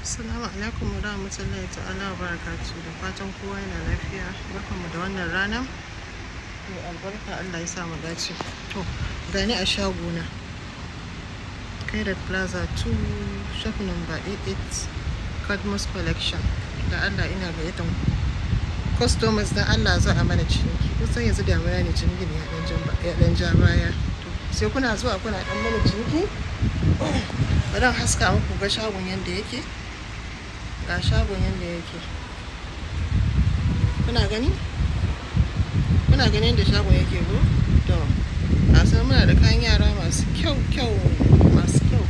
Assalamu alaikum wa rahmatullahi ta'ala wa barakatu da fatan kowa yana lafiya barkanmu da wannan rana mai albarka Allah ya sa mu dace to gani a shagona Kairat Plaza 2 shop number 88 Cadmus collection da Allah ina ita customers da Allah za a mana ciniki san yanzu damuna ne ciniki ne ya dan ja baya sai kuna zuwa kuna dan mana ciniki bari haska muku ga shagon yadda yake ga shagon yadda yake kuna gani kuna gani yadda shagon yake ko to san muna da kayan yara masu kyau kyau masu kyau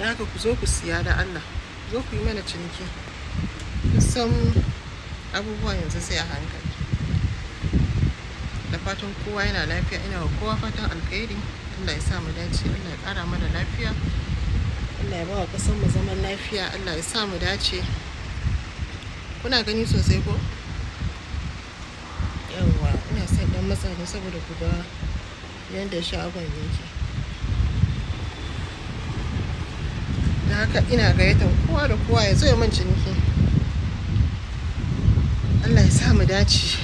da haka ku zo ku siya da allah zo ku yi mana ciniki kusan abubuwan yanzu sai a hankali da fatan kowa yana lafiya ina wa kowa fatan alkhairi allah ya sa mu dace allah ya kara mana lafiya Allah ya ba wa ƙasarmu zaman lafiya Allah ya sa mu dace kuna gani sosai ko Yawa, ina son ɗan matsa ne saboda ku ga yadda shagon yake da haka ina gayyatar kowa da kowa ya zo ya man ciniki Allah ya sa mu dace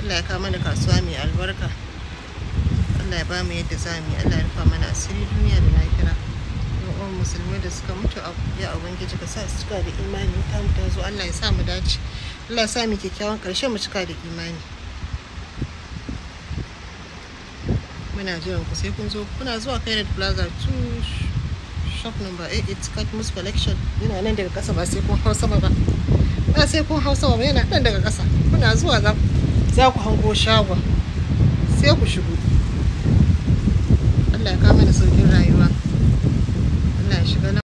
Allah ya kama mana kasuwa mai albarka Allah ya ba mu yadda za mu yi Allah ya rufa mana asiri duniya da lafiya uwan musulmi da suka mutu a ya ubangiji ka sa su cika da imani ta mu ta zo Allah ya sa mu dace Allah ya sa mu kyakkyawan karshe mu cika da imani muna jiran ku sai kun zo kuna zuwa Kairat Plaza 2 shop number 8 it's cut mus collection yana nan daga kasa ba sai kun hau sama ba ba sai kun hau sama ba yana nan daga kasa kuna zuwa za ku hango shagon sai ku shigo Allah ya kama da sauƙin rayuwa Should go